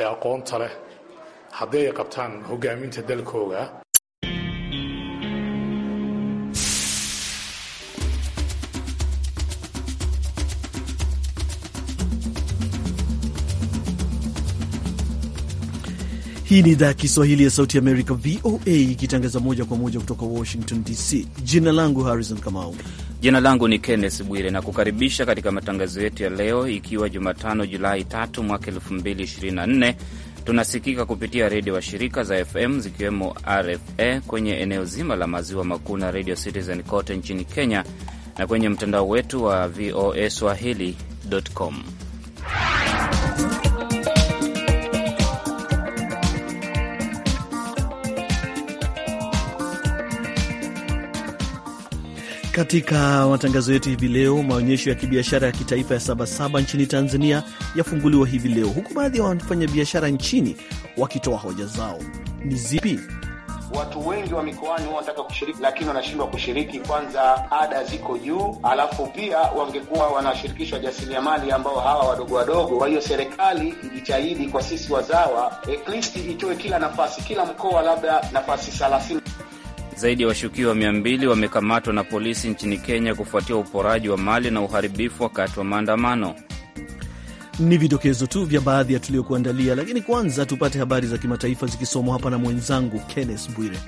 ee aqoonta leh hadday qabtaan hogaaminta dalkooga Hii ni idhaa ya Kiswahili ya Sauti Amerika, VOA, ikitangaza moja kwa moja kutoka Washington DC. Jina langu Harrison Kamau. Jina langu ni Kenneth Bwire na kukaribisha katika matangazo yetu ya leo, ikiwa Jumatano Julai 3 mwaka 2024. Tunasikika kupitia redio wa shirika za FM zikiwemo RFA kwenye eneo zima la maziwa makuu na Radio Citizen kote nchini Kenya na kwenye mtandao wetu wa voa swahili.com. Katika matangazo yetu hivi leo, maonyesho ya kibiashara ya kitaifa ya Sabasaba nchini Tanzania yafunguliwa hivi leo, huku baadhi ya wafanyabiashara nchini wakitoa hoja zao. Ni zipi? Watu wengi wa mikoani huwa wanataka kushiriki, lakini wanashindwa kushiriki. Kwanza ada ziko juu, alafu pia wangekuwa wanashirikishwa jasiriamali ambao hawa wadogo wadogo. Kwa hiyo serikali ijitahidi kwa sisi wazawa, at least itoe kila nafasi, kila mkoa labda nafasi thelathini zaidi ya washukiwa 200 wamekamatwa na polisi nchini Kenya kufuatia uporaji wa mali na uharibifu wakati wa maandamano. Ni vidokezo tu vya baadhi ya tuliokuandalia, lakini kwanza tupate habari za kimataifa zikisomwa hapa na mwenzangu Kenneth Bwire.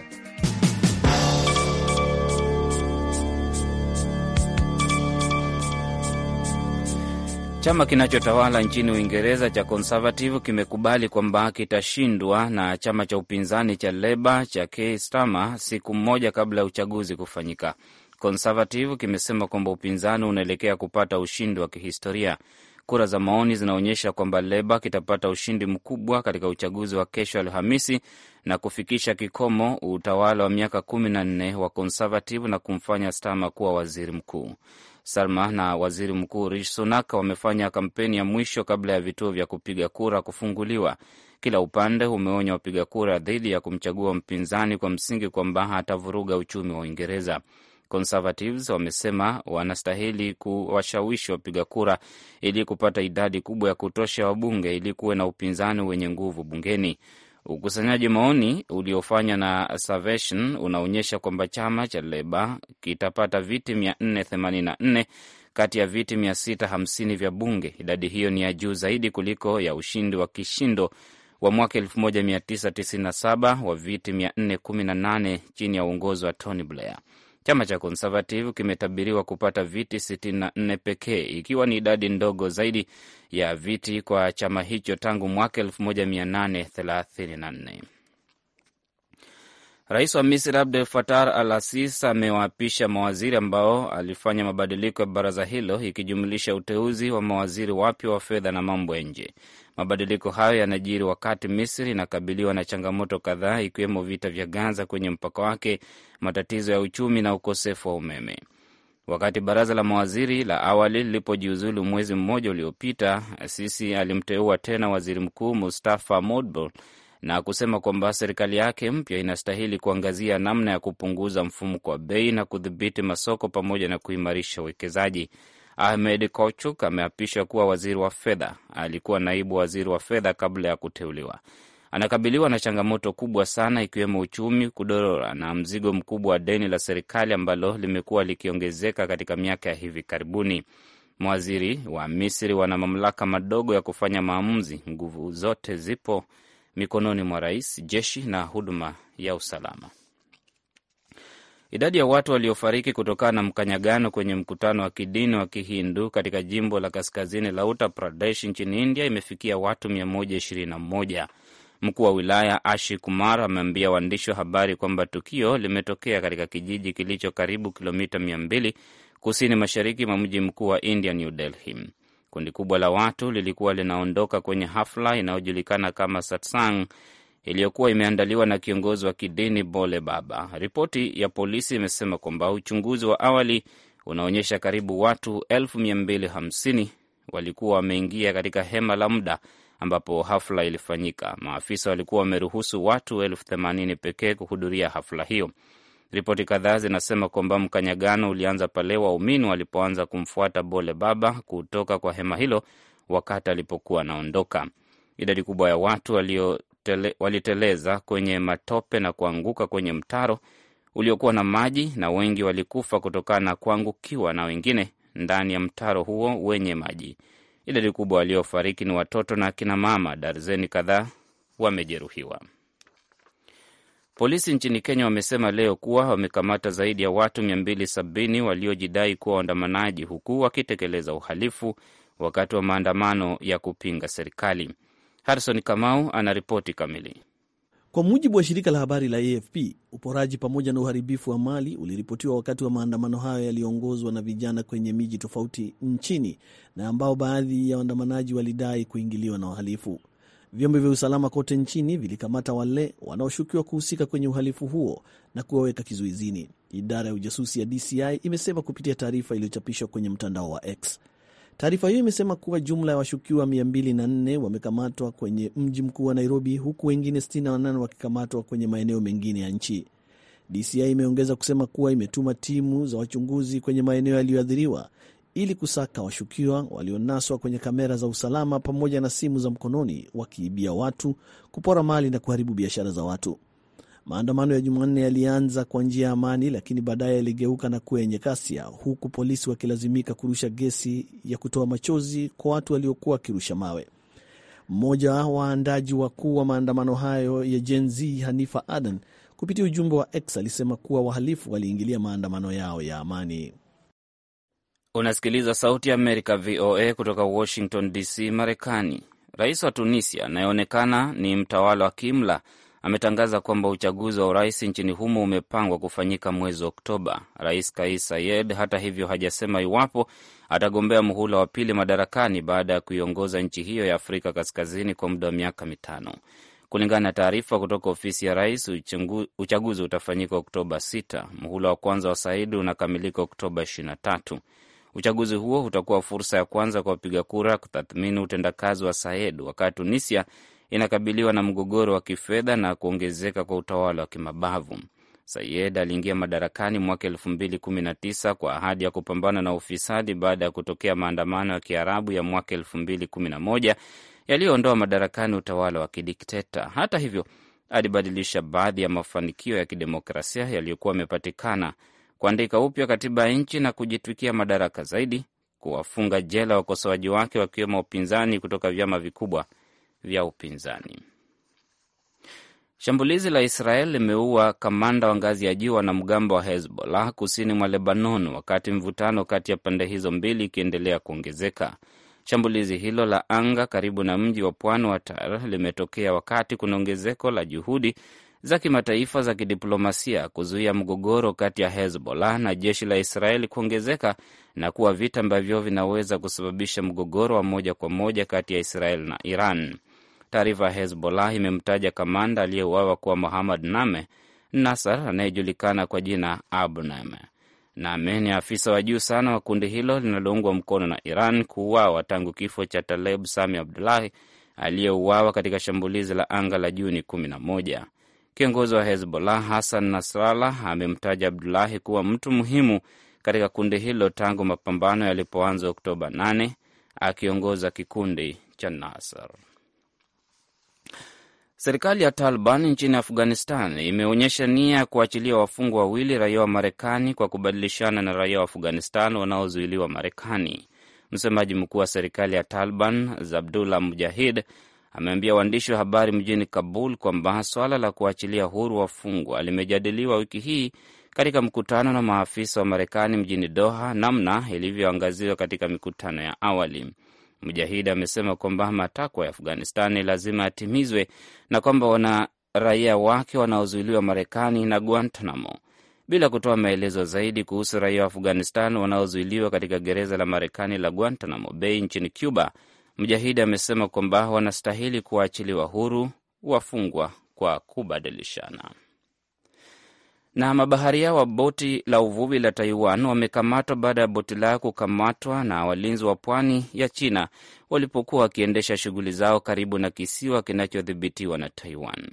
Chama kinachotawala nchini Uingereza cha Conservative kimekubali kwamba kitashindwa na chama cha upinzani cha Leba cha Keir Starmer siku moja kabla ya uchaguzi kufanyika. Conservative kimesema kwamba upinzani unaelekea kupata ushindi wa kihistoria. Kura za maoni zinaonyesha kwamba Leba kitapata ushindi mkubwa katika uchaguzi wa kesho Alhamisi na kufikisha kikomo utawala wa miaka kumi na nne wa Conservative na kumfanya Starmer kuwa waziri mkuu. Salma na waziri mkuu Rishi Sunak wamefanya kampeni ya mwisho kabla ya vituo vya kupiga kura kufunguliwa. Kila upande umeonya wapiga kura dhidi ya kumchagua mpinzani kwa msingi kwamba atavuruga uchumi wa Uingereza. Conservatives wamesema wanastahili kuwashawishi wapiga kura ili kupata idadi kubwa ya kutosha wabunge ili kuwe na upinzani wenye nguvu bungeni. Ukusanyaji maoni uliofanywa na Salvation unaonyesha kwamba chama cha Leba kitapata viti 484 kati ya viti 650 vya bunge. Idadi hiyo ni ya juu zaidi kuliko ya ushindi wa kishindo wa mwaka 1997 wa viti 418 chini ya uongozi wa Tony Blair. Chama cha Konservative kimetabiriwa kupata viti 64 pekee, ikiwa ni idadi ndogo zaidi ya viti kwa chama hicho tangu mwaka 1834. Rais wa Misri Abdel fatar Al Asis amewaapisha mawaziri ambao alifanya mabadiliko ya baraza hilo ikijumlisha uteuzi wa mawaziri wapya wa fedha na mambo ya nje. Mabadiliko hayo yanajiri wakati Misri inakabiliwa na changamoto kadhaa, ikiwemo vita vya Gaza kwenye mpaka wake, matatizo ya uchumi na ukosefu wa umeme. Wakati baraza la mawaziri la awali lilipojiuzulu mwezi mmoja uliopita, Sisi alimteua tena waziri mkuu Mustafa Modbel na kusema kwamba serikali yake mpya inastahili kuangazia namna ya kupunguza mfumuko wa bei na kudhibiti masoko pamoja na kuimarisha uwekezaji. Ahmed Kochuk ameapishwa kuwa waziri wa fedha. Alikuwa naibu waziri wa fedha kabla ya kuteuliwa. Anakabiliwa na changamoto kubwa sana, ikiwemo uchumi kudorora na mzigo mkubwa wa deni la serikali ambalo limekuwa likiongezeka katika miaka ya hivi karibuni. Mawaziri wa Misri wana mamlaka madogo ya kufanya maamuzi. Nguvu zote zipo mikononi mwa rais, jeshi na huduma ya usalama. Idadi ya watu waliofariki kutokana na mkanyagano kwenye mkutano wa kidini wa Kihindu katika jimbo la kaskazini la Uttar Pradesh nchini India imefikia watu 121. Mkuu wa wilaya Ashi Kumar ameambia waandishi wa habari kwamba tukio limetokea katika kijiji kilicho karibu kilomita 200 kusini mashariki mwa mji mkuu wa India, New Delhi. Kundi kubwa la watu lilikuwa linaondoka kwenye hafla inayojulikana kama satsang iliyokuwa imeandaliwa na kiongozi wa kidini Bole Baba. Ripoti ya polisi imesema kwamba uchunguzi wa awali unaonyesha karibu watu 250 walikuwa wameingia katika hema la muda ambapo hafla ilifanyika. Maafisa walikuwa wameruhusu watu 80 pekee kuhudhuria hafla hiyo. Ripoti kadhaa zinasema kwamba mkanyagano ulianza pale waumini walipoanza kumfuata Bole Baba kutoka kwa hema hilo wakati alipokuwa anaondoka. Idadi kubwa ya watu walio tele, waliteleza kwenye matope na kuanguka kwenye mtaro uliokuwa na maji na wengi walikufa kutokana na kuangukiwa na wengine ndani ya mtaro huo wenye maji. Idadi kubwa waliofariki ni watoto na akina mama, darzeni kadhaa wamejeruhiwa. Polisi nchini Kenya wamesema leo kuwa wamekamata zaidi ya watu 270 waliojidai kuwa waandamanaji huku wakitekeleza uhalifu wakati wa maandamano ya kupinga serikali. Harison Kamau anaripoti kamili. Kwa mujibu wa shirika la habari la AFP, uporaji pamoja na uharibifu wa mali uliripotiwa wakati wa maandamano hayo yaliyoongozwa na vijana kwenye miji tofauti nchini na ambao baadhi ya waandamanaji walidai kuingiliwa na wahalifu. Vyombo vya usalama kote nchini vilikamata wale wanaoshukiwa kuhusika kwenye uhalifu huo na kuwaweka kizuizini, idara ya ujasusi ya DCI imesema kupitia taarifa iliyochapishwa kwenye mtandao wa X. Taarifa hiyo imesema kuwa jumla ya washukiwa 204 wamekamatwa kwenye mji mkuu wa Nairobi, huku wengine 68 wakikamatwa kwenye maeneo mengine ya nchi. DCI imeongeza kusema kuwa imetuma timu za wachunguzi kwenye maeneo yaliyoathiriwa ili kusaka washukiwa walionaswa kwenye kamera za usalama pamoja na simu za mkononi wakiibia watu, kupora mali na kuharibu biashara za watu. Maandamano ya Jumanne yalianza kwa njia ya amani, lakini baadaye yaligeuka na kuwa yenye ghasia, huku polisi wakilazimika kurusha gesi ya kutoa machozi kwa watu waliokuwa wakirusha mawe. Mmoja wa waandaji wakuu wa maandamano hayo ya Gen Z, Hanifa Adan, kupitia ujumbe wa X alisema kuwa wahalifu waliingilia maandamano yao ya amani. Unasikiliza Sauti ya Amerika, VOA, kutoka Washington DC, Marekani. Rais wa Tunisia anayeonekana ni mtawala wa kimla ametangaza kwamba uchaguzi wa urais nchini humo umepangwa kufanyika mwezi Oktoba. Rais Kais Saied hata hivyo hajasema iwapo atagombea muhula wa pili madarakani baada ya kuiongoza nchi hiyo ya Afrika Kaskazini kwa muda wa miaka mitano. Kulingana na taarifa kutoka ofisi ya rais, uchaguzi utafanyika Oktoba 6. Muhula wa kwanza wa Said unakamilika Oktoba 23. Uchaguzi huo utakuwa fursa ya kwanza kwa wapiga kura kutathmini utendakazi wa Said, wakati Tunisia inakabiliwa na mgogoro wa kifedha na kuongezeka kwa utawala wa kimabavu. Sayed aliingia madarakani mwaka elfu mbili kumi na tisa kwa ahadi ya kupambana na ufisadi baada ya kutokea maandamano ya Kiarabu ya mwaka elfu mbili kumi na moja yaliyoondoa madarakani utawala wa kidikteta. Hata hivyo, alibadilisha baadhi ya mafanikio ya kidemokrasia yaliyokuwa yamepatikana, kuandika upya katiba ya nchi na kujitwikia madaraka zaidi, kuwafunga jela wakosoaji wake wakiwemo upinzani kutoka vyama vikubwa vya upinzani. Shambulizi la Israel limeua kamanda wa ngazi ya juu wanamgambo wa Hezbollah kusini mwa Lebanon, wakati mvutano kati ya pande hizo mbili ikiendelea kuongezeka. Shambulizi hilo la anga karibu na mji wa pwani wa Tar limetokea wakati kuna ongezeko la juhudi za kimataifa za kidiplomasia kuzuia mgogoro kati ya Hezbollah na jeshi la Israeli kuongezeka na kuwa vita ambavyo vinaweza kusababisha mgogoro wa moja kwa moja kati ya israel na Iran. Taarifa ya Hezbollah imemtaja kamanda aliyeuawa kuwa Muhammad Name Nasar anayejulikana kwa jina Abu Name. Name ni afisa wa juu sana wa kundi hilo linaloungwa mkono na Iran kuuawa tangu kifo cha Taleb Sami Abdullahi aliyeuawa katika shambulizi la anga la Juni 11. Kiongozi wa Hezbollah Hassan Nasrallah amemtaja Abdulahi kuwa mtu muhimu katika kundi hilo tangu mapambano yalipoanza Oktoba 8 akiongoza kikundi cha Nasar. Serikali ya Taliban nchini Afghanistan imeonyesha nia ya kuachilia wafungwa wawili raia wa Marekani kwa kubadilishana na raia wa Afghanistan wanaozuiliwa Marekani. Msemaji mkuu wa serikali ya Taliban Zabdullah Mujahid ameambia waandishi wa habari mjini Kabul kwamba swala la kuachilia huru wafungwa limejadiliwa wiki hii katika mkutano na maafisa wa Marekani mjini Doha, namna ilivyoangaziwa katika mikutano ya awali. Mujahidi amesema kwamba matakwa ya Afghanistani lazima yatimizwe na kwamba wana raia wake wanaozuiliwa Marekani na Guantanamo, bila kutoa maelezo zaidi kuhusu raia wa Afghanistan wanaozuiliwa katika gereza la Marekani la Guantanamo Bay nchini Cuba. Mjahidi amesema kwamba wanastahili kuwaachiliwa huru wafungwa kwa kubadilishana. Na mabaharia wa boti la uvuvi la Taiwan wamekamatwa baada ya boti lao kukamatwa na walinzi wa pwani ya China walipokuwa wakiendesha shughuli zao karibu na kisiwa kinachodhibitiwa na Taiwan.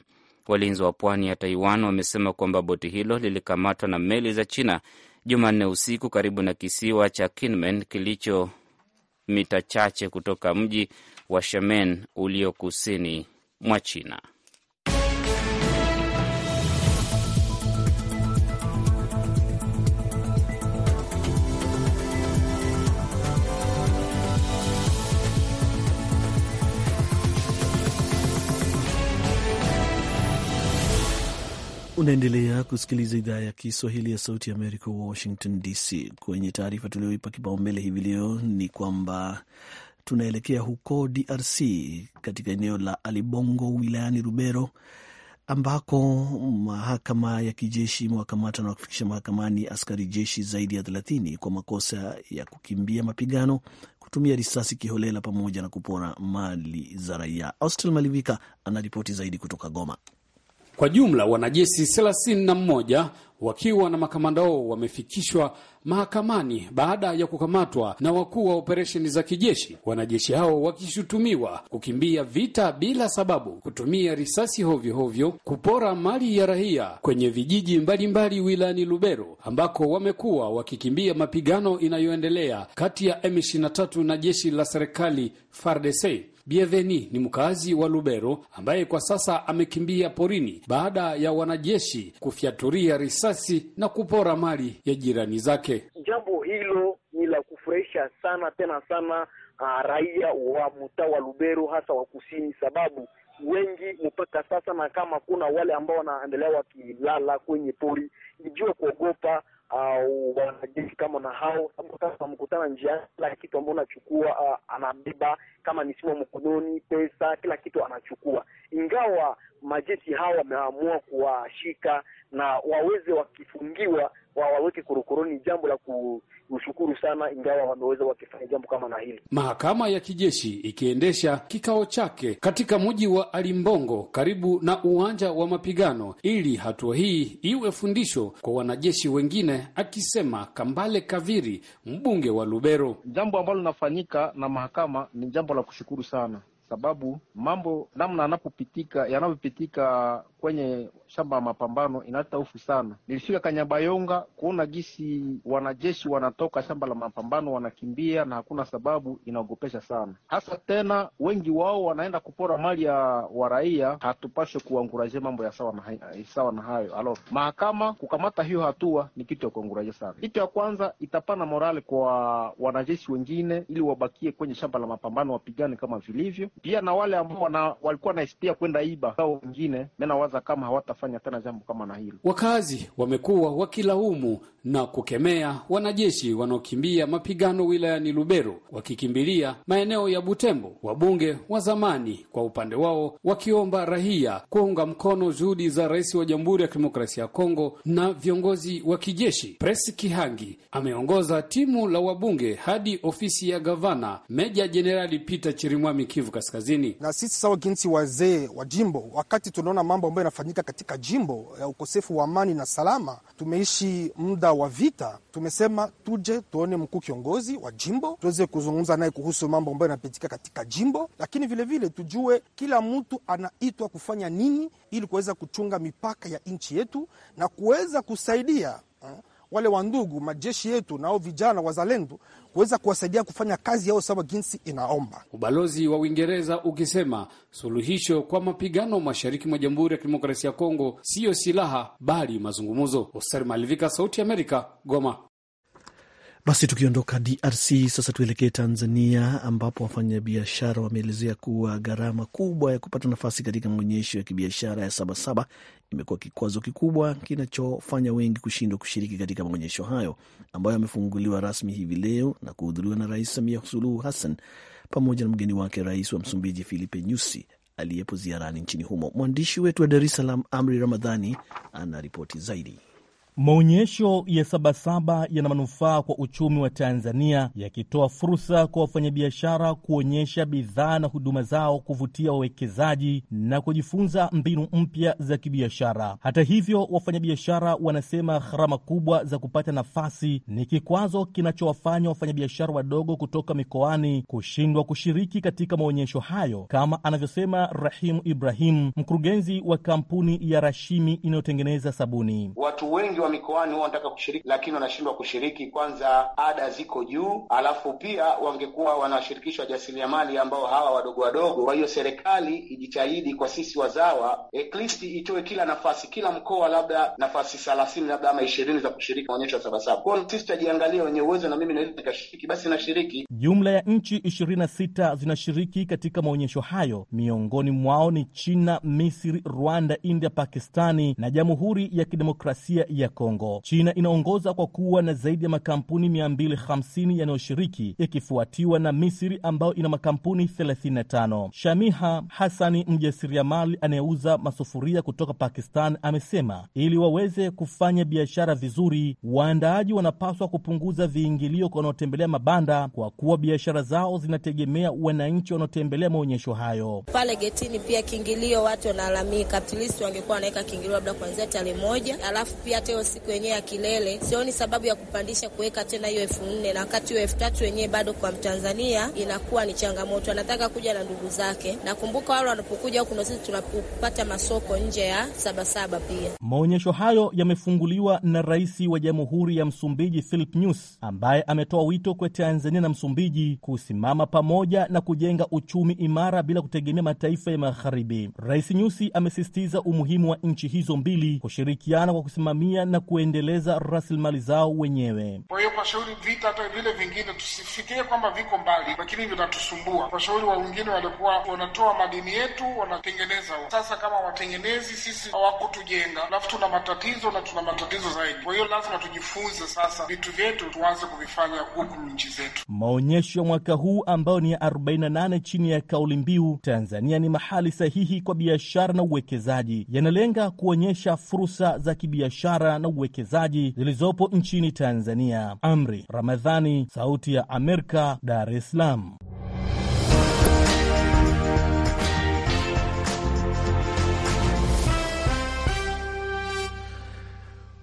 Walinzi wa pwani ya Taiwan wamesema kwamba boti hilo lilikamatwa na meli za China Jumanne usiku karibu na kisiwa cha Kinmen kilicho mita chache kutoka mji wa Shemen ulio kusini mwa China. Unaendelea kusikiliza idhaa ya Kiswahili ya Sauti ya Amerika, Washington DC. Kwenye taarifa tulioipa kipaumbele hivi leo ni kwamba tunaelekea huko DRC katika eneo la Alibongo wilayani Rubero ambako mahakama ya kijeshi imewakamata na kufikisha mahakamani askari jeshi zaidi ya thelathini kwa makosa ya kukimbia mapigano, kutumia risasi kiholela, pamoja na kupora mali za raia. Austel Malivika anaripoti zaidi kutoka Goma. Kwa jumla wanajeshi thelathini na mmoja wakiwa na makamanda wao wamefikishwa mahakamani baada ya kukamatwa na wakuu wa operesheni za kijeshi, wanajeshi hao wakishutumiwa kukimbia vita bila sababu, kutumia risasi hovyohovyo, kupora mali ya raia kwenye vijiji mbalimbali wilayani Lubero, ambako wamekuwa wakikimbia mapigano inayoendelea kati ya M23 na jeshi la serikali FARDC. Bieveni ni mkazi wa Lubero ambaye kwa sasa amekimbia porini baada ya wanajeshi kufyaturia risasi risasi na kupora mali ya jirani zake. Jambo hilo ni la kufurahisha sana tena sana ah, raia wa mtaa wa Lubero, hasa wa kusini, sababu wengi mpaka sasa, na kama kuna wale ambao wanaendelea wakilala kwenye pori, ijue kuogopa au wanajeshi kama na hao sababu kama njiani, kila kitu ambao anachukua uh, ah, anabeba kama ni simu mkononi, pesa, kila kitu anachukua. Ingawa majeshi hao wameamua kuwashika na waweze wakifungiwa wawaweke korokoroni, jambo la kushukuru sana, ingawa wameweza wakifanya jambo kama na hili. Mahakama ya kijeshi ikiendesha kikao chake katika mji wa Alimbongo karibu na uwanja wa mapigano, ili hatua hii iwe fundisho kwa wanajeshi wengine, akisema Kambale Kaviri, mbunge wa Lubero. Jambo ambalo linafanyika na mahakama ni jambo la kushukuru sana, sababu mambo namna yanapopitika yanavyopitika kwenye shamba ya mapambano inaleta hofu sana. Nilifika Kanyabayonga kuona gisi wanajeshi wanatoka shamba la mapambano wanakimbia, na hakuna sababu, inaogopesha sana hasa tena, wengi wao wanaenda kupora mali ya waraia. Hatupashe kuangurajia mambo ya sawa na, sawa na hayo alo mahakama kukamata hiyo hatua ni kitu ya kuangurajia sana. Kitu ya kwanza itapana morale kwa wanajeshi wengine ili wabakie kwenye shamba la mapambano wapigane kama vilivyo, pia na wale ambao walikuwa na kwenda iba wengine mena kuwaza kama hawatafanya tena jambo kama na hilo. Wakazi wamekuwa wakilaumu na kukemea wanajeshi wanaokimbia mapigano wilayani Lubero wakikimbilia maeneo ya Butembo, wabunge wa zamani kwa upande wao wakiomba raia kuunga mkono juhudi za rais wa Jamhuri ya Kidemokrasia ya Kongo na viongozi wa kijeshi. presi Kihangi ameongoza timu la wabunge hadi ofisi ya gavana Meja Jenerali Peter Chirimwami, Kivu Kaskazini. Na sisi sawa ginsi wazee wa jimbo, wakati tunaona mambo ambayo inafanyika katika jimbo ya ukosefu wa amani na salama. Tumeishi muda wa vita, tumesema tuje tuone mkuu kiongozi wa jimbo tuweze kuzungumza naye kuhusu mambo ambayo yanapitika katika jimbo, lakini vilevile vile tujue kila mtu anaitwa kufanya nini ili kuweza kuchunga mipaka ya nchi yetu na kuweza kusaidia ha? Eh, wale wandugu majeshi yetu nao vijana wazalendo kuweza kuwasaidia kufanya kazi yao sawa jinsi inaomba. Ubalozi wa Uingereza ukisema suluhisho kwa mapigano mashariki mwa Jamhuri ya Kidemokrasia ya Kongo siyo silaha bali mazungumzo. Hoser Malivika, Sauti ya Amerika, Goma. Basi tukiondoka DRC sasa tuelekee Tanzania, ambapo wafanyabiashara wameelezea kuwa gharama kubwa ya kupata nafasi katika maonyesho ya kibiashara ya Sabasaba imekuwa kikwazo kikubwa kinachofanya wengi kushindwa kushiriki katika maonyesho hayo ambayo yamefunguliwa rasmi hivi leo na kuhudhuriwa na Rais Samia Suluhu Hassan pamoja na mgeni wake Rais wa Msumbiji Filipe Nyusi aliyepo ziarani nchini humo. Mwandishi wetu wa Dar es Salaam, Amri Ramadhani, ana ripoti zaidi. Maonyesho ya Sabasaba yana manufaa kwa uchumi wa Tanzania, yakitoa fursa kwa wafanyabiashara kuonyesha bidhaa na huduma zao, kuvutia wawekezaji na kujifunza mbinu mpya za kibiashara. Hata hivyo, wafanyabiashara wanasema gharama kubwa za kupata nafasi ni kikwazo kinachowafanya wafanyabiashara wadogo kutoka mikoani kushindwa kushiriki katika maonyesho hayo, kama anavyosema Rahimu Ibrahimu, mkurugenzi wa kampuni ya Rashimi inayotengeneza sabuni. Watu wengi wa mikoani huwa wanataka kushiriki, lakini wanashindwa kushiriki. Kwanza ada ziko juu, alafu pia wangekuwa wanashirikishwa wajasiriamali ambao hawa wadogo wadogo. Kwa hiyo serikali ijitahidi kwa sisi wazawa, at least itoe kila nafasi, kila mkoa labda nafasi thelathini labda ama ishirini za kushiriki maonyesho ya Sabasaba. Kwao sisi tutajiangalia wenye uwezo, na mimi naweza nikashiriki, basi nashiriki. Jumla ya nchi ishirini na sita zinashiriki katika maonyesho hayo, miongoni mwao ni China, Misri, Rwanda, India, Pakistani na Jamhuri ya Kidemokrasia ya Kongo. China inaongoza kwa kuwa na zaidi ya makampuni 250 yanayoshiriki yakifuatiwa na Misri ambayo ina makampuni 35. Shamiha Hasani, mjasiriamali anayeuza masufuria kutoka Pakistan, amesema ili waweze kufanya biashara vizuri, waandaaji wanapaswa kupunguza viingilio kwa wanaotembelea mabanda, kwa kuwa biashara zao zinategemea wananchi wanaotembelea maonyesho hayo. Pale getini pia kiingilio, watu wanalalamika, at least wangekuwa wanaweka kiingilio labda kuanzia tarehe moja, alafu pia hiyo siku yenyewe ya kilele, sioni sababu ya kupandisha kuweka tena hiyo elfu nne na wakati hiyo elfu tatu yenyewe bado kwa Mtanzania inakuwa ni changamoto. Anataka kuja na ndugu zake, nakumbuka wale wanapokuja huku na sisi tunapopata masoko nje ya Sabasaba. Pia maonyesho hayo yamefunguliwa na Rais wa Jamhuri ya Msumbiji philip Nyusi ambaye ametoa wito kwa Tanzania na Msumbiji kusimama pamoja na kujenga uchumi imara bila kutegemea mataifa ya magharibi. Rais Nyusi amesisitiza umuhimu wa nchi hizo mbili kushirikiana kwa kusimamia na kuendeleza rasilimali zao wenyewe. Kwa hiyo kwashauri vita hata vile vingine, tusifikirie kwamba viko mbali, lakini vinatusumbua. Washauri wa wengine walikuwa wanatoa madini yetu wanatengeneza wa. Sasa kama watengenezi sisi hawakutujenga, alafu tuna matatizo na tuna matatizo zaidi. Kwa hiyo lazima tujifunze sasa vitu vyetu tuanze kuvifanya huku nchi zetu. Maonyesho ya mwaka huu ambayo ni ya 48 chini ya kauli mbiu Tanzania ni mahali sahihi kwa biashara na uwekezaji, yanalenga kuonyesha fursa za kibiashara na uwekezaji zilizopo nchini Tanzania. Amri Ramadhani, Sauti ya Amerika, Dar es Salaam.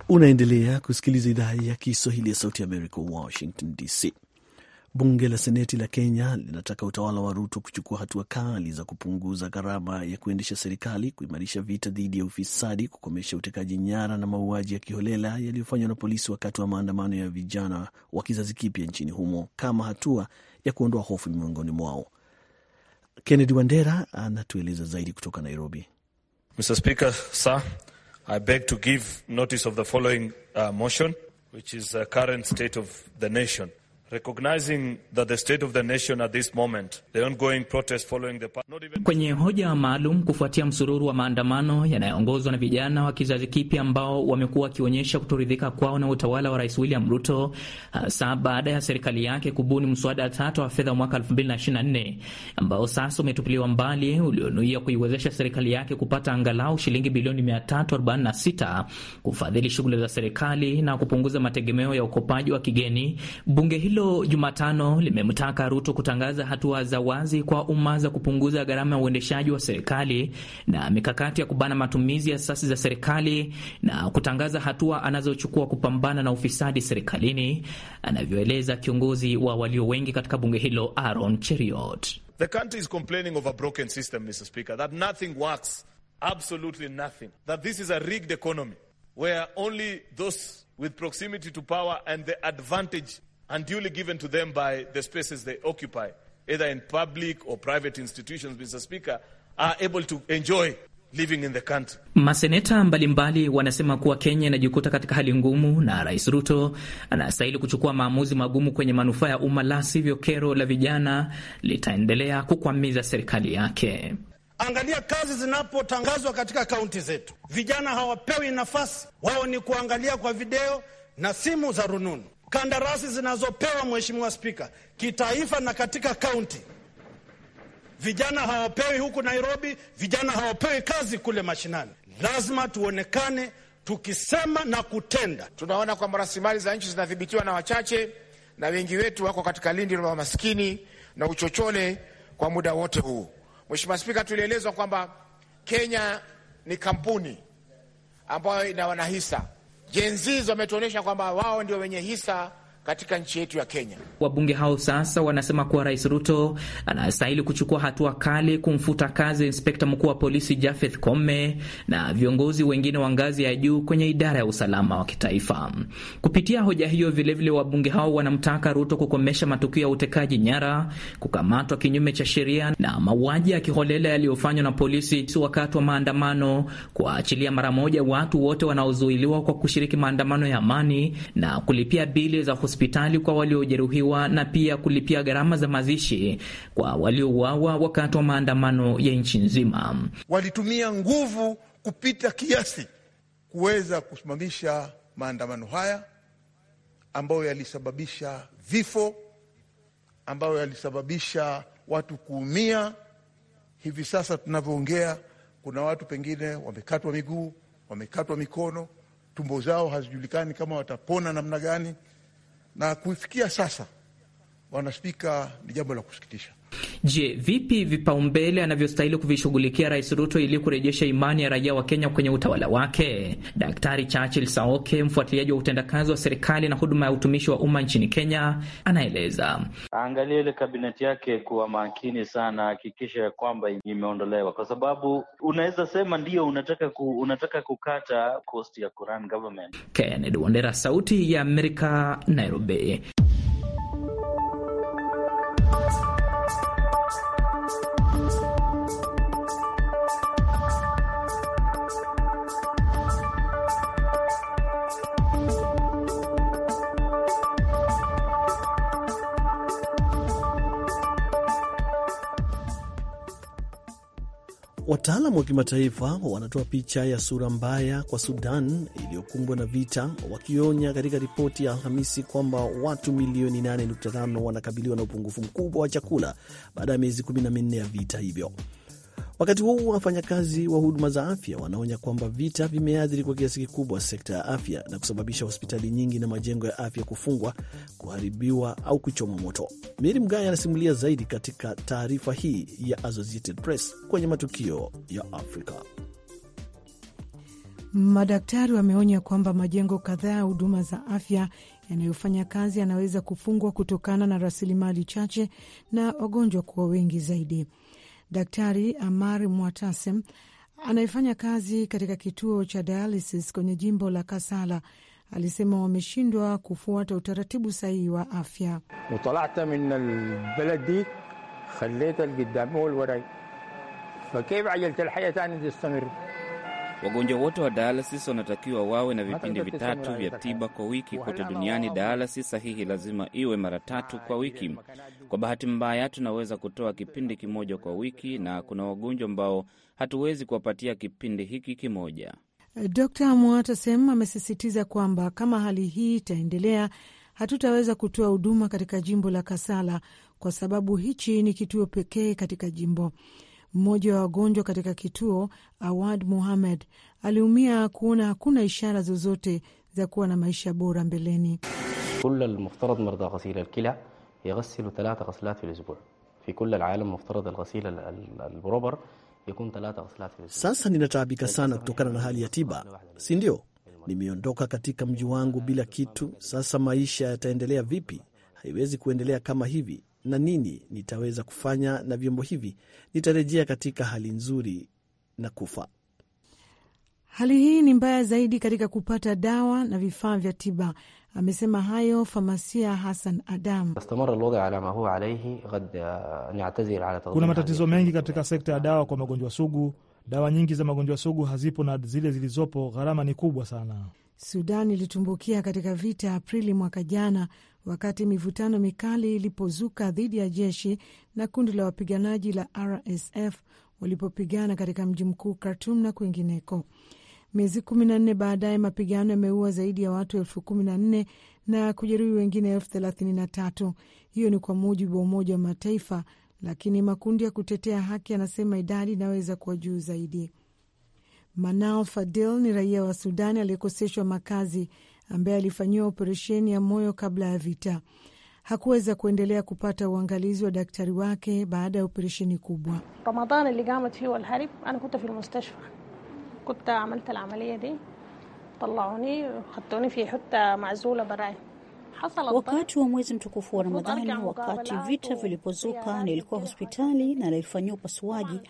Unaendelea kusikiliza idhaa ya Kiswahili ya Sauti ya Amerika, Washington DC. Bunge la Seneti la Kenya linataka utawala wa Ruto kuchukua hatua kali za kupunguza gharama ya kuendesha serikali, kuimarisha vita dhidi ya ufisadi, kukomesha utekaji nyara na mauaji ya kiholela yaliyofanywa na polisi wakati wa maandamano ya vijana wa kizazi kipya nchini humo, kama hatua ya kuondoa hofu miongoni mwao. Kennedy Wandera anatueleza zaidi kutoka Nairobi. Mr. Speaker, sir, I beg to give notice of the following uh, motion which is the current state of the nation Kwenye hoja maalum kufuatia msururu wa maandamano yanayoongozwa na vijana wa kizazi kipya ambao wamekuwa wakionyesha kutoridhika kwao na utawala wa Rais William Ruto, hasa uh, baada ya serikali yake kubuni mswada tatu wa fedha mwaka 2024 ambao sasa umetupiliwa mbali, ulionuia kuiwezesha serikali yake kupata angalau shilingi bilioni 346 kufadhili shughuli za serikali na kupunguza mategemeo ya ukopaji wa kigeni. Bunge hilo hilo Jumatano limemtaka Ruto kutangaza hatua za wazi kwa umma za kupunguza gharama ya uendeshaji wa serikali na mikakati ya kubana matumizi ya asasi za serikali na kutangaza hatua anazochukua kupambana na ufisadi serikalini, anavyoeleza kiongozi wa walio wengi katika bunge hilo Aaron Cheriot. The country is complaining of a broken system, Mr. Speaker, that nothing works, absolutely nothing, that this is a rigged economy where only those with proximity to power and the advantage and duly given to them by the spaces they occupy, either in public or private institutions, Mr. Speaker, are able to enjoy living in the country. Maseneta mbalimbali wanasema kuwa Kenya inajikuta katika hali ngumu na Rais Ruto anastahili kuchukua maamuzi magumu kwenye manufaa ya umma, la sivyo kero la vijana litaendelea kukwamiza serikali yake. Angalia kazi zinapotangazwa katika kaunti zetu, vijana hawapewi nafasi. Wao ni kuangalia kwa video na simu za rununu kandarasi zinazopewa Mheshimiwa Spika, kitaifa na katika kaunti. Vijana hawapewi huku Nairobi, vijana hawapewi kazi kule mashinani. Lazima tuonekane tukisema na kutenda. Tunaona kwamba rasilimali za nchi zinadhibitiwa na wachache, na wengi wetu wako katika lindi la maskini na uchochole kwa muda wote huu. Mheshimiwa Spika, tulielezwa kwamba Kenya ni kampuni ambayo ina wanahisa jenzizo wametuonyesha kwamba wao ndio wenye hisa katika nchi yetu ya Kenya. Wabunge hao sasa wanasema kuwa Rais Ruto anastahili kuchukua hatua kali kumfuta kazi inspekta mkuu wa polisi Jafeth Koome na viongozi wengine wa ngazi ya juu kwenye idara ya usalama wa kitaifa. Kupitia hoja hiyo, vilevile wabunge hao wanamtaka Ruto kukomesha matukio ya utekaji nyara, kukamatwa kinyume cha sheria na mauaji ya kiholela yaliyofanywa na polisi wakati wa maandamano, kuwaachilia mara moja watu wote wanaozuiliwa kwa kushiriki maandamano ya amani na kulipia bili za hospitali kwa waliojeruhiwa na pia kulipia gharama za mazishi kwa waliouawa wakati wa maandamano ya nchi nzima. Walitumia nguvu kupita kiasi kuweza kusimamisha maandamano haya ambayo yalisababisha vifo, ambayo yalisababisha watu kuumia. Hivi sasa tunavyoongea, kuna watu pengine wamekatwa miguu, wamekatwa mikono, tumbo zao hazijulikani kama watapona namna gani na kufikia sasa, Bwana Spika, ni jambo la kusikitisha. Je, vipi vipaumbele anavyostahili kuvishughulikia Rais Ruto ili kurejesha imani ya raia wa Kenya kwenye utawala wake? Daktari Churchill Saoke, mfuatiliaji wa utendakazi wa serikali na huduma ya utumishi wa umma nchini Kenya, anaeleza aangalie ile kabineti yake kuwa makini sana, hakikisha ya kwamba imeondolewa, kwa sababu unaweza sema ndio unataka ku, unataka kukata cost ya Kuran government. Kennedy Wandera, Sauti ya Amerika, Nairobi. Wataalamu wa kimataifa wanatoa picha ya sura mbaya kwa Sudan iliyokumbwa na vita, wakionya katika ripoti ya Alhamisi kwamba watu milioni 8.5 wanakabiliwa na upungufu mkubwa wa chakula baada ya miezi 14 ya vita hivyo. Wakati huo wafanyakazi wa huduma za afya wanaonya kwamba vita vimeathiri kwa kiasi kikubwa sekta ya afya na kusababisha hospitali nyingi na majengo ya afya kufungwa, kuharibiwa au kuchoma moto. miri Mgaya anasimulia zaidi katika taarifa hii ya Associated Press kwenye matukio ya Afrika. Madaktari wameonya kwamba majengo kadhaa ya huduma za afya yanayofanya kazi yanaweza kufungwa kutokana na rasilimali chache na wagonjwa kuwa wengi zaidi. Daktari Amar Mwatasem anayefanya kazi katika kituo cha dialysis kwenye jimbo la Kasala alisema wameshindwa kufuata utaratibu sahihi wa afya. utalata min albaladi khaleta lqidam walwarai fakif ajalta lhaya tani tastamir Wagonjwa wote wa dialysis wanatakiwa wawe na vipindi vitatu vya tiba kwa wiki kote duniani. Dialysis sahihi lazima iwe mara tatu kwa wiki. Kwa bahati mbaya, tunaweza kutoa kipindi kimoja kwa wiki, na kuna wagonjwa ambao hatuwezi kuwapatia kipindi hiki kimoja. d Mwatasem amesisitiza kwamba kama hali hii itaendelea, hatutaweza kutoa huduma katika jimbo la Kasala kwa sababu hichi ni kituo pekee katika jimbo mmoja wa wagonjwa katika kituo, Awad Muhamed, aliumia kuona hakuna ishara zozote za kuwa na maisha bora mbeleni. Sasa ninataabika sana kutokana na hali ya tiba, si ndio? Nimeondoka katika mji wangu bila kitu. Sasa maisha yataendelea vipi? Haiwezi kuendelea kama hivi na nini nitaweza kufanya na vyombo hivi, nitarejea katika hali nzuri na kufa. Hali hii ni mbaya zaidi katika kupata dawa na vifaa vya tiba. Amesema hayo famasia Hassan Adam. Kuna matatizo mengi katika sekta ya dawa kwa magonjwa sugu. Dawa nyingi za magonjwa sugu hazipo na zile zilizopo gharama ni kubwa sana. Sudan ilitumbukia katika vita Aprili mwaka jana wakati mivutano mikali ilipozuka dhidi ya jeshi na kundi la wapiganaji la RSF walipopigana katika mji mkuu Khartum na kwingineko. Miezi kumi na nne baadaye mapigano yameua zaidi ya watu elfu kumi na nne na kujeruhi wengine elfu thelathini na tatu. Hiyo ni kwa mujibu wa Umoja wa Mataifa, lakini makundi ya kutetea haki yanasema idadi inaweza kuwa juu zaidi. Manal Fadil ni raia wa Sudani aliyekoseshwa makazi ambaye alifanyiwa operesheni ya moyo kabla ya vita. Hakuweza kuendelea kupata uangalizi wa daktari wake baada ya operesheni kubwa. Wakati wa mwezi mtukufu wa Ramadhani, wakati vita vilipozuka, nilikuwa hospitali na nilifanyiwa upasuaji.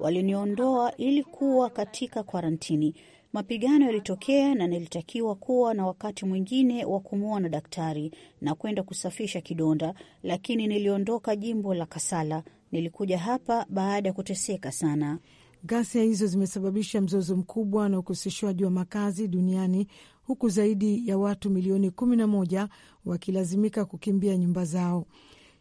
Waliniondoa, ili kuwa katika kwarantini. Mapigano yalitokea na nilitakiwa kuwa na wakati mwingine wa kumwona daktari na kwenda kusafisha kidonda, lakini niliondoka jimbo la Kasala. Nilikuja hapa baada ya kuteseka sana. Ghasia hizo zimesababisha mzozo mkubwa na ukoseshwaji wa makazi duniani huku zaidi ya watu milioni 11 wakilazimika kukimbia nyumba zao.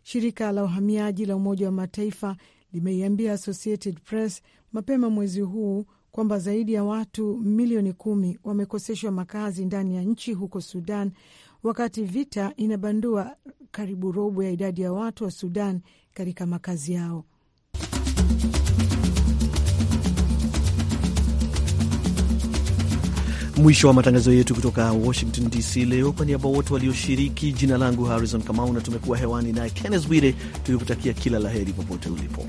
Shirika la uhamiaji la Umoja wa Mataifa limeiambia Associated Press mapema mwezi huu kwamba zaidi ya watu milioni kumi wamekoseshwa makazi ndani ya nchi huko Sudan, wakati vita inabandua karibu robo ya idadi ya watu wa Sudan katika makazi yao. Mwisho wa matangazo yetu kutoka Washington DC leo. Kwa niaba wote walioshiriki, jina langu Harrison Kamau na tumekuwa hewani naye Kennes Bwire, tukikutakia kila la heri popote ulipo.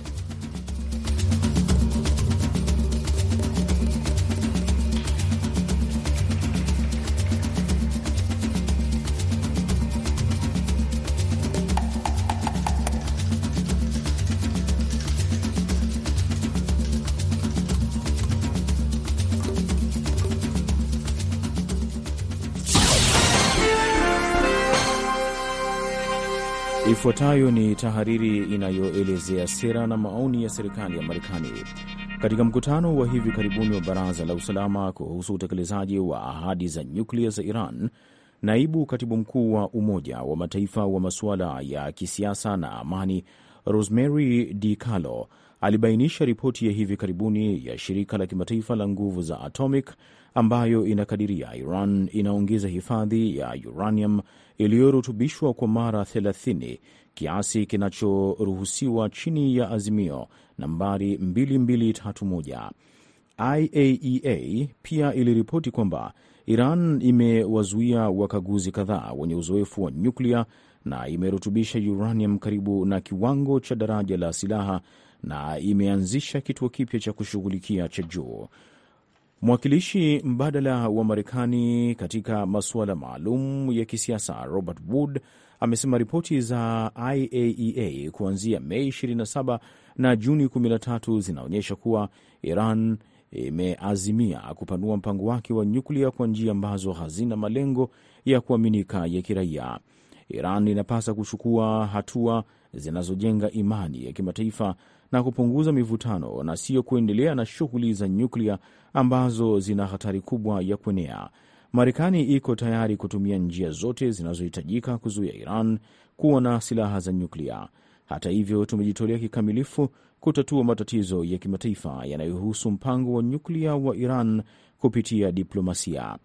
Ifuatayo ni tahariri inayoelezea sera na maoni ya serikali ya Marekani. Katika mkutano wa hivi karibuni wa Baraza la Usalama kuhusu utekelezaji wa ahadi za nyuklia za Iran, naibu katibu mkuu wa Umoja wa Mataifa wa masuala ya kisiasa na amani Rosemary calo alibainisha ripoti ya hivi karibuni ya shirika la kimataifa la nguvu za atomic ambayo inakadiria Iran inaongeza hifadhi ya uranium iliyorutubishwa kwa mara 30 kiasi kinachoruhusiwa chini ya azimio nambari 2231. IAEA e pia iliripoti kwamba Iran imewazuia wakaguzi kadhaa wenye uzoefu wa nyuklia na imerutubisha uranium karibu na kiwango cha daraja la silaha na imeanzisha kituo kipya cha kushughulikia cha juu. Mwakilishi mbadala wa Marekani katika masuala maalum ya kisiasa Robert Wood amesema ripoti za IAEA e kuanzia Mei 27 na Juni 13 zinaonyesha kuwa Iran imeazimia kupanua mpango wake wa nyuklia kwa njia ambazo hazina malengo ya kuaminika ya kiraia. Iran inapasa kuchukua hatua zinazojenga imani ya kimataifa na kupunguza mivutano na sio kuendelea na shughuli za nyuklia ambazo zina hatari kubwa ya kuenea. Marekani iko tayari kutumia njia zote zinazohitajika kuzuia Iran kuwa na silaha za nyuklia. Hata hivyo, tumejitolea kikamilifu kutatua matatizo ya kimataifa yanayohusu mpango wa nyuklia wa Iran kupitia diplomasia.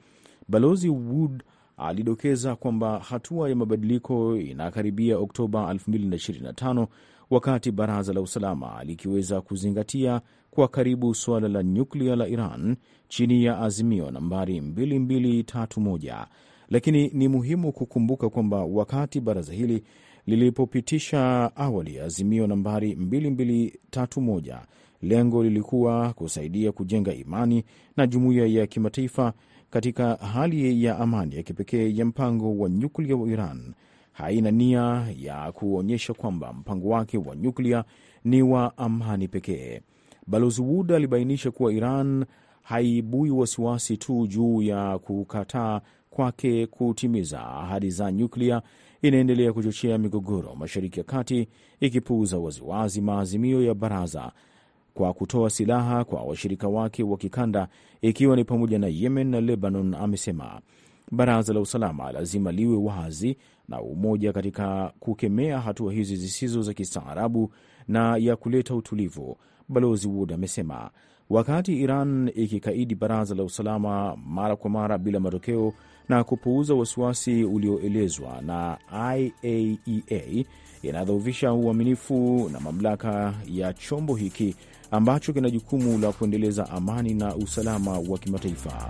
Balozi Wood alidokeza kwamba hatua ya mabadiliko inakaribia Oktoba 2025 wakati baraza la usalama likiweza kuzingatia kwa karibu suala la nyuklia la Iran chini ya azimio nambari 2231 lakini ni muhimu kukumbuka kwamba wakati baraza hili lilipopitisha awali azimio nambari 2231 lengo lilikuwa kusaidia kujenga imani na jumuiya ya kimataifa katika hali ya amani ya kipekee ya mpango wa nyuklia wa Iran haina nia ya kuonyesha kwamba mpango wake wa nyuklia ni wa amani pekee. Balozi Wood alibainisha kuwa Iran haibui wasiwasi tu juu ya kukataa kwake kutimiza ahadi za nyuklia, inaendelea kuchochea migogoro Mashariki ya Kati, ikipuuza waziwazi maazimio ya Baraza kwa kutoa silaha kwa washirika wake wa kikanda, ikiwa ni pamoja na Yemen na Lebanon, amesema. Baraza la usalama lazima liwe wazi na umoja katika kukemea hatua hizi zisizo za kistaarabu na ya kuleta utulivu, Balozi Wood amesema. Wakati Iran ikikaidi Baraza la Usalama mara kwa mara bila matokeo na kupuuza wasiwasi ulioelezwa na IAEA, e inadhoofisha uaminifu na mamlaka ya chombo hiki ambacho kina jukumu la kuendeleza amani na usalama wa kimataifa.